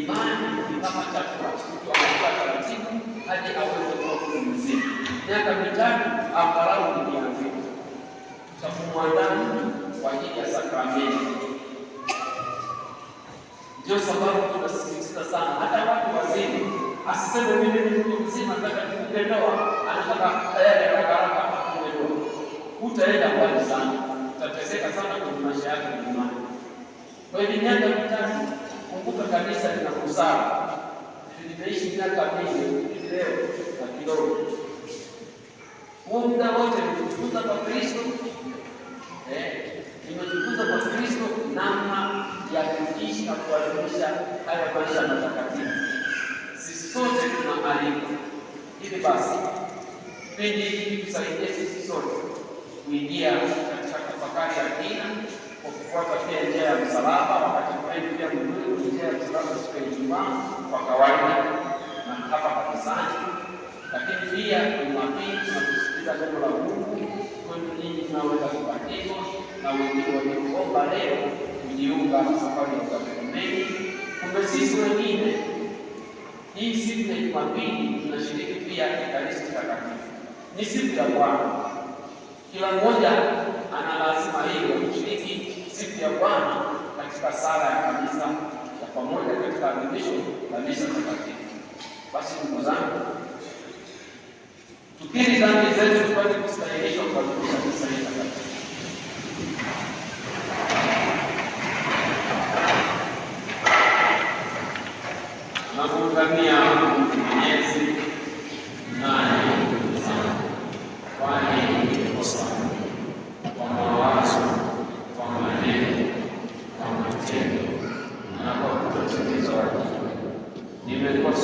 imani kama chakula kutoa taratibu hadi aweze kuwa mzima. Miaka mitatu angalau nilianzia takumwandaa mtu kwa ajili ya sakramenti. Ndio sababu tunasisitiza sana hata watu wazima, asiseme mimi ni mtu mzima, nataka nifunge ndoa, anataka tayari haraka haraka afunge ndoa. Utaenda mbali sana, utateseka sana kwenye maisha yako ya imani. Kwa hiyo miaka mitatu Kumbuka kanisa lina busara, litaishi miaka mingi leo na kidogo. Huu muda wote nimejifunza kwa Kristo, eh, nimejifunza kwa Kristo namna ya kuishi na kuadhimisha haya maisha matakatifu. Sisi sote tunaalikwa. Hivi basi, kipindi hiki tusaidie sisi sote kuingia katika tafakari ya kina kwa kufuata pia njia ya msalaba wakati mwingine pia njia ya siku ya Ijumaa kwa kawaida na hapa kanisani, lakini pia Jumapili na kusikiliza neno la Mungu kwetu nyinyi tunaweza kubatizwa na wengine walioomba leo kujiunga na safari ya Kapernaum. Kumbe sisi wengine hii siku ya Jumapili tunashiriki pia Ekaristi Takatifu. Ni siku ya Bwana, kila mmoja ana lazima hiyo kushiriki siku ya Bwana maadhimisho na misa takatifu. Basi ndugu zangu, tukiri dhambi zetu tupate kustahilishwa kwa misa hii takatifu. Nakuungania Mwenyezi na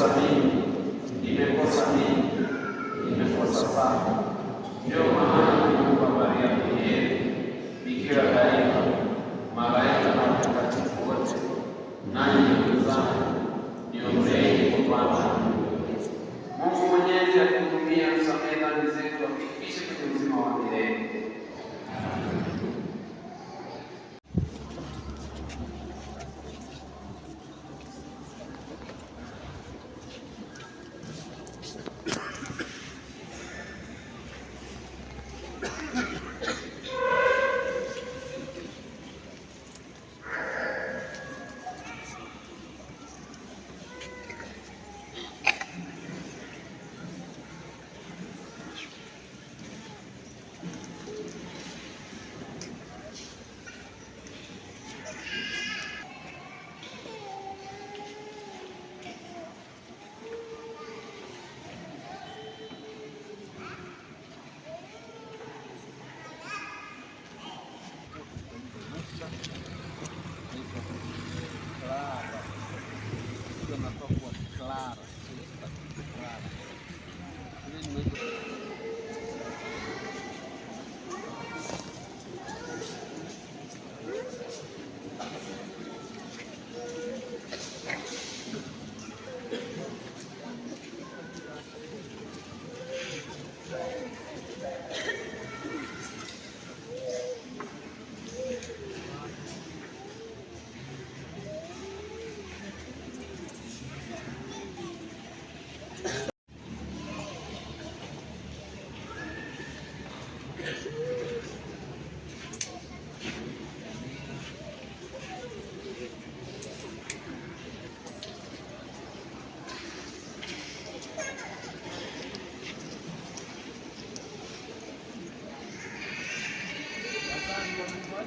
nimekosa nini? Nimekosa nini? Nimekosa sana. Ndio una clara, clara. Ini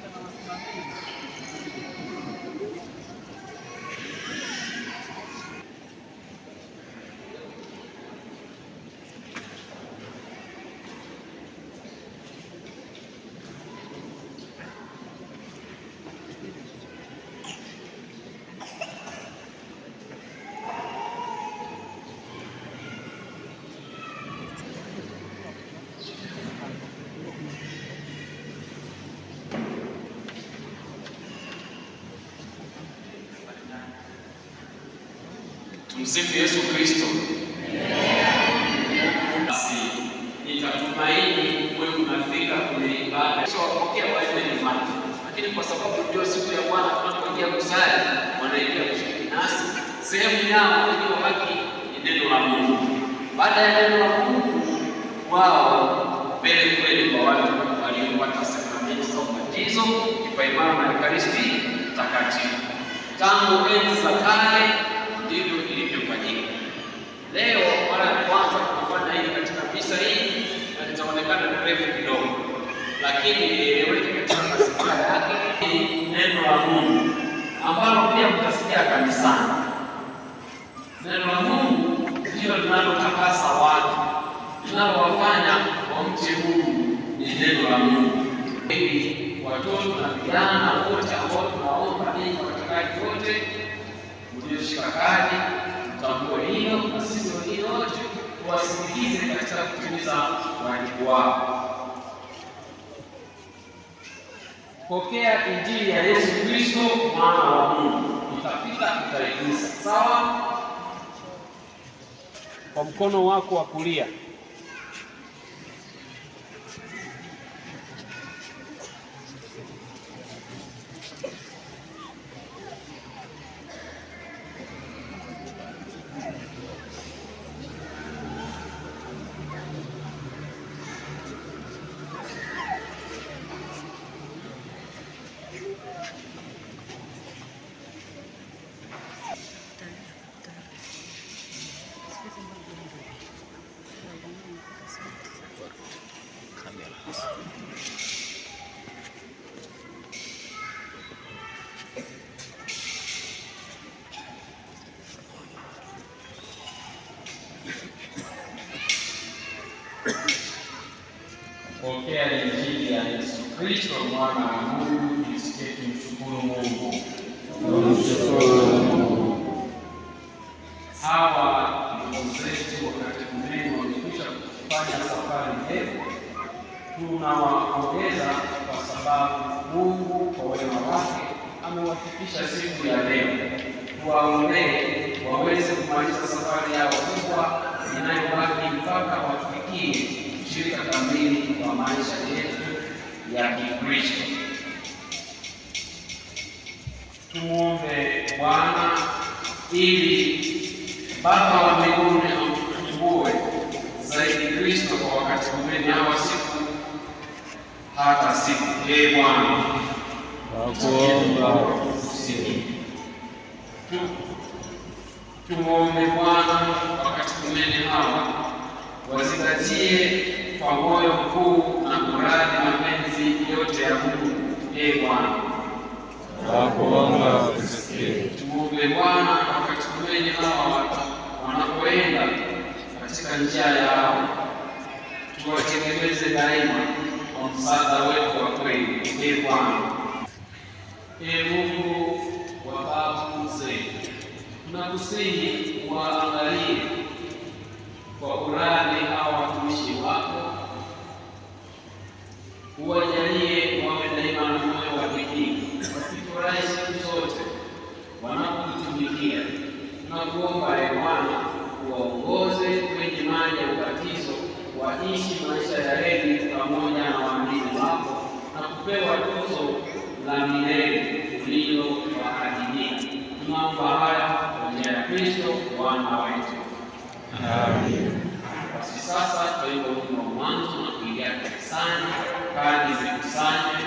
cidade, na nossa cidade. Msifu Yesu Kristo. Basi nitatumaini wewe unafika kwenye ibada wapokea waende nyumbani, lakini kwa sababu ndio siku ya Bwana tunapoingia kusali, wanaingia kushiriki nasi. Sehemu yao iliyo haki ni neno la Mungu. Baada ya neno la Mungu wao mbele kweli kwa watu waliopata sakramenti za ubatizo, kipaimara na Ekaristi Takatifu tangu enzi za kale Leo mara ya kwanza kufanya hili katika visa hii na litaonekana ni kidogo, lakini lieleweke katika mazingira yake. Neno la Mungu ambalo pia mtasikia kanisani, neno la Mungu ndilo linalotakasa watu, linalowafanya wamche Mungu, ni neno la Mungu. Hivi watoto na vijana wote ambao tunaomba ninyi watakaji wote mlioshika kadi tambue hilo na sisi wengine wote tuwasindikize katika kutimiza wajibu wao. Pokea injili ya Yesu Kristo mwana wa Mungu, utapita utaigusa. Sawa, kwa mkono wako wa kulia Pokea injili ya Yesu Kristo mwana wa Mungu, tusikie tumshukuru Mungu. Hawa ndugu zetu wakati umeme wamekwisha kufanya safari ndefu, tunawapongeza kwa sababu Mungu kwa wema wake amewafikisha siku ya leo. Tuwaombee waweze kumaliza safari yao kubwa inayobaki mpaka wafikie shirika kamili kwa maisha yetu ya Kikristo. Tumwombe Bwana ili Baba wa mbinguni amtambue zaidi Kristo kwa wakati umenao siku hata siku. Ee Bwana, nakuomba Tumwombe Bwana wakati kumene hawa wazingatie kwa moyo mkuu na muradi mapenzi yote ya Mungu. Ee Bwana, tunakuomba usikie. Tumuombe Bwana wakati mwenye hawa watu wanapoenda katika njia yao, tuwatengemeze daima kwa msaada wetu wa kweli. Ee Bwana, Ee Mungu wa babu zetu, tunakusihi waangalie kwa tunakuomba e Bwana kwenye maji ya ubatizo, waishi maisha ya heri pamoja na waamini wako na kupewa tuzo la milele ulilo waahidia. Tunaomba haya kwa njia ya Kristo Bwana wetu, amen. Basi sasa tuende mwanzo na kuingia kanisani, kadi zikusanye